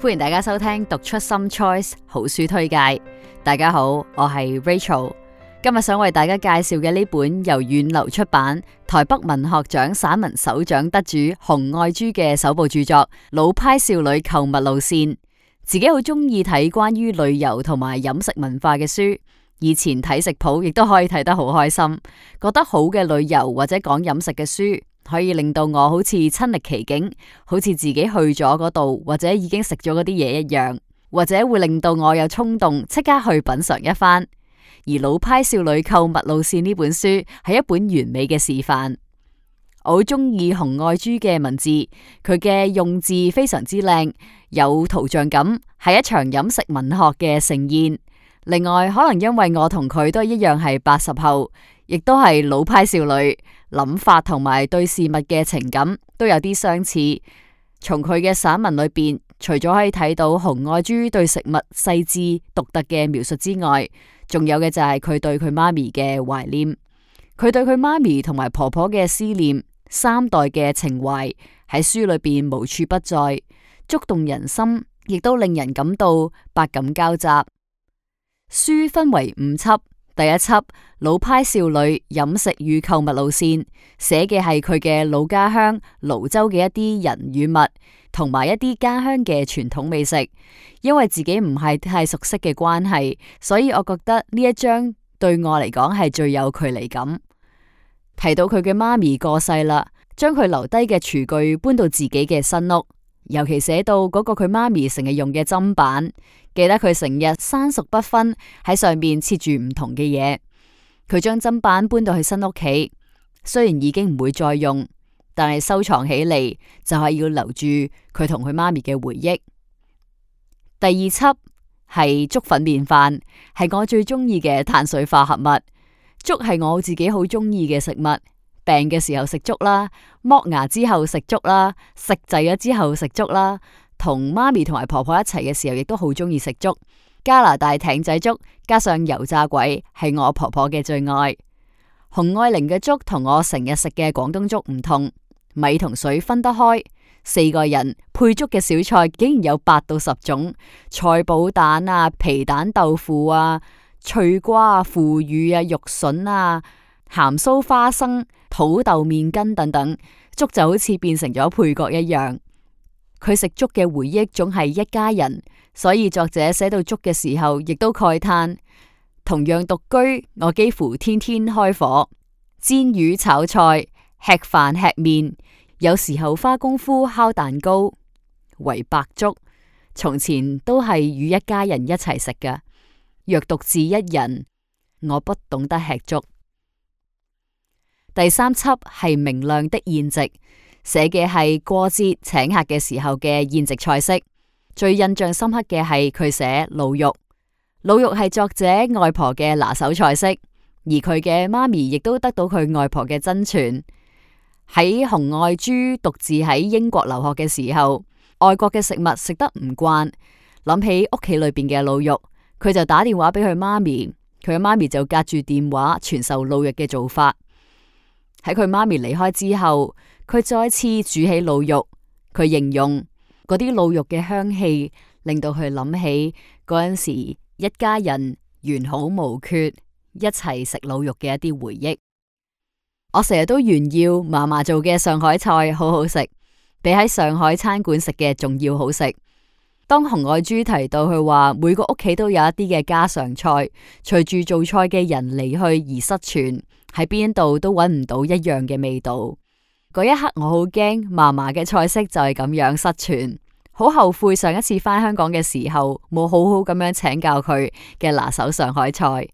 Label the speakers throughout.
Speaker 1: 歡迎大家收聽讀出 Some Choice 好書推介。大家好，我係 Rachel。今日想為大家介紹嘅呢本由遠流出版、台北文學獎散文首獎得主洪愛珠嘅首部著作《老派少女購物路線》。自己好中意睇關於旅遊同埋飲食文化嘅書，以前睇食譜亦都可以睇得好開心，覺得好嘅旅遊或者講飲食嘅書。可以令到我好似親歷其境，好似自己去咗嗰度，或者已經食咗嗰啲嘢一樣，或者會令到我有衝動即刻去品嘗一番。而《老派少女購物路線》呢本書係一本完美嘅示範。我好中意洪愛珠嘅文字，佢嘅用字非常之靚，有圖像感，係一場飲食文學嘅盛宴。另外，可能因為我同佢都一樣係八十後，亦都係老派少女。諗法同埋對事物嘅情感都有啲相似。從佢嘅散文裏邊，除咗可以睇到洪愛珠對食物細緻獨特嘅描述之外，仲有嘅就係佢對佢媽咪嘅懷念，佢對佢媽咪同埋婆婆嘅思念，三代嘅情懷喺書裏邊無處不在，觸動人心，亦都令人感到百感交集。書分為五輯。第一輯老派少女飲食與購物路線，寫嘅係佢嘅老家鄉蘆洲嘅一啲人與物，同埋一啲家鄉嘅傳統美食。因為自己唔係太熟悉嘅關係，所以我覺得呢一章對我嚟講係最有距離感。提到佢嘅媽咪過世啦，將佢留低嘅廚具搬到自己嘅新屋。尤其寫到嗰個佢媽咪成日用嘅砧板，記得佢成日生熟不分喺上面切住唔同嘅嘢。佢將砧板搬到去新屋企，雖然已經唔會再用，但係收藏起嚟，就係要留住佢同佢媽咪嘅回憶。第二輯係粥粉麵飯，係我最中意嘅碳水化合物。粥係我自己好中意嘅食物。病嘅時候食粥啦，剝牙之後食粥啦，食滯咗之後食粥啦，同媽咪同埋婆婆一齊嘅時候，亦都好中意食粥。加拿大艇仔粥加上油炸鬼係我婆婆嘅最愛。洪愛珠嘅粥同我成日食嘅廣東粥唔同，米同水分得開。四個人配粥嘅小菜竟然有八到十種，菜脯蛋啊、皮蛋豆腐啊、脆瓜啊、腐乳啊、肉筍啊。鹹酥花生、土豆麵筋等等，粥就好似變成咗配角一樣。佢食粥嘅回憶總係一家人，所以作者寫到粥嘅時候，亦都慨嘆。同樣獨居，我幾乎天天開火煎魚、炒菜、吃飯、吃麵，有時候花功夫烤蛋糕為白粥。從前都係與一家人一齊食㗎，若獨自一人，我不懂得吃粥。第三輯係明亮的宴席，寫嘅係過節請客嘅時候嘅宴席菜式。最印象深刻嘅係佢寫滷肉，滷肉係作者外婆嘅拿手菜式，而佢嘅媽咪亦都得到佢外婆嘅真傳。喺洪愛珠獨自喺英國留學嘅時候，外國嘅食物食得唔慣，諗起屋企裏邊嘅滷肉，佢就打電話俾佢媽咪，佢嘅媽咪就隔住電話傳授滷肉嘅做法。喺佢媽咪離開之後，佢再次煮起卤肉。佢形容嗰啲卤肉嘅香氣，令到佢諗起嗰陣時一家人完好無缺，一齊食卤肉嘅一啲回憶。我成日都炫耀媽媽做嘅上海菜好好食，比喺上海餐館食嘅仲要好食。當洪愛珠提到佢話每個屋企都有一啲嘅家常菜，隨住做菜嘅人離去而失傳。喺邊度都搵唔到一樣嘅味道。嗰一刻我好驚，嫲嫲嘅菜式就係咁樣失傳，好後悔上一次返香港嘅時候冇好好咁樣請教佢嘅拿手上海菜。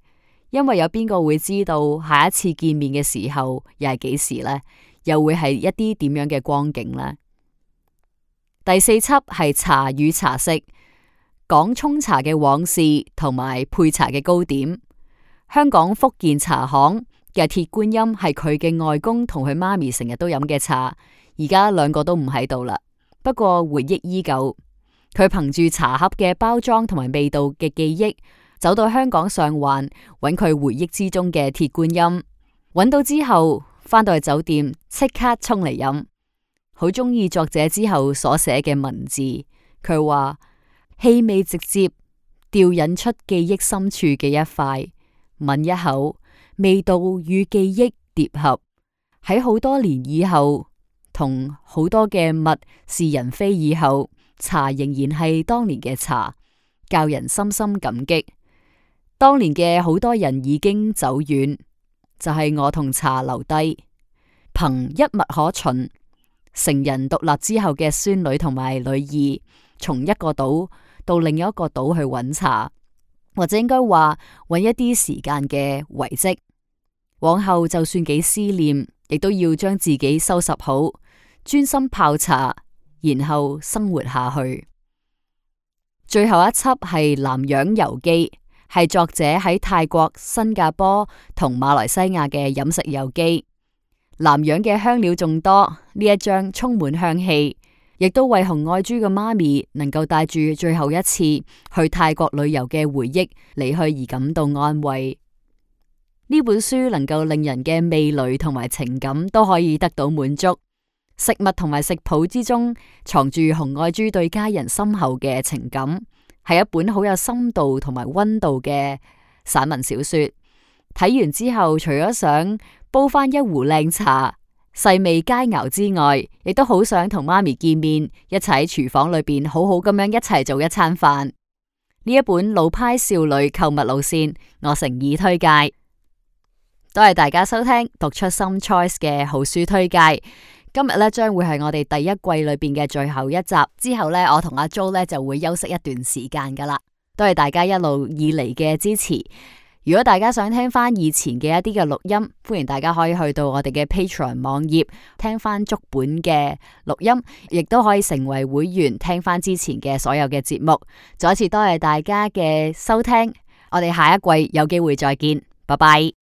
Speaker 1: 因為有邊個會知道下一次見面嘅時候又係幾時呢？又會係一啲點樣嘅光景呢？第四輯係茶與茶食，講沖茶嘅往事同埋配茶嘅糕點，香港福建茶行，嘅鐵觀音係佢嘅外公同佢媽咪成日都飲嘅茶，而家兩個都唔喺度啦。不過回憶依舊，佢憑住茶盒嘅包裝同埋味道嘅記憶，走到香港上環搵佢回憶之中嘅鐵觀音。搵到之後，返到去酒店即刻沖嚟飲。好中意作者之後所寫嘅文字，佢話，氣味直接調引出記憶深處嘅一塊，聞一口。味道與記憶疊合喺好多年以後，同好多嘅物是人非以後，茶仍然係當年嘅茶，教人深深感激。當年嘅好多人已經走遠，就係、是、我同茶留低，憑一物可循，成人獨立之後嘅孫女同埋女兒，從一個島到另一個島去揾茶，或者應該話揾一啲時間嘅遺跡。往後就算幾思念，亦都要將自己收拾好，專心泡茶，然後生活下去。最後一輯係南洋遊記，係作者喺泰國、新加坡同馬來西亞嘅飲食遊記。南洋嘅香料眾多，呢一張充滿香氣，亦都為洪愛珠嘅媽咪能夠帶住最後一次去泰國旅遊嘅回憶離去而感到安慰。呢本書能夠令人嘅味蕾同埋情感都可以得到滿足，食物同埋食譜之中藏住洪愛珠對家人深厚嘅情感，係一本好有深度同埋溫度嘅散文小說。睇完之後，除咗想煲翻一壺靚茶，細味佳餚之外，亦都好想同媽咪見面，一齊喺廚房裏面好好咁樣一齊做一餐飯。呢一本老派少女購物路線，我誠意推介。多謝大家收聽讀出 Some Choice 嘅好書推介。今日咧將會係我哋第一季裏邊嘅最後一集之後咧，我同阿 Jo 咧就會休息一段時間噶啦。多謝大家一路以嚟嘅支持。如果大家想聽翻以前嘅一啲嘅錄音，歡迎大家可以去到我哋嘅 Patreon 網頁聽翻足本嘅錄音，亦都可以成為會員聽翻之前嘅所有嘅節目。再一次多謝大家嘅收聽，我哋下一季有機會再見，拜拜。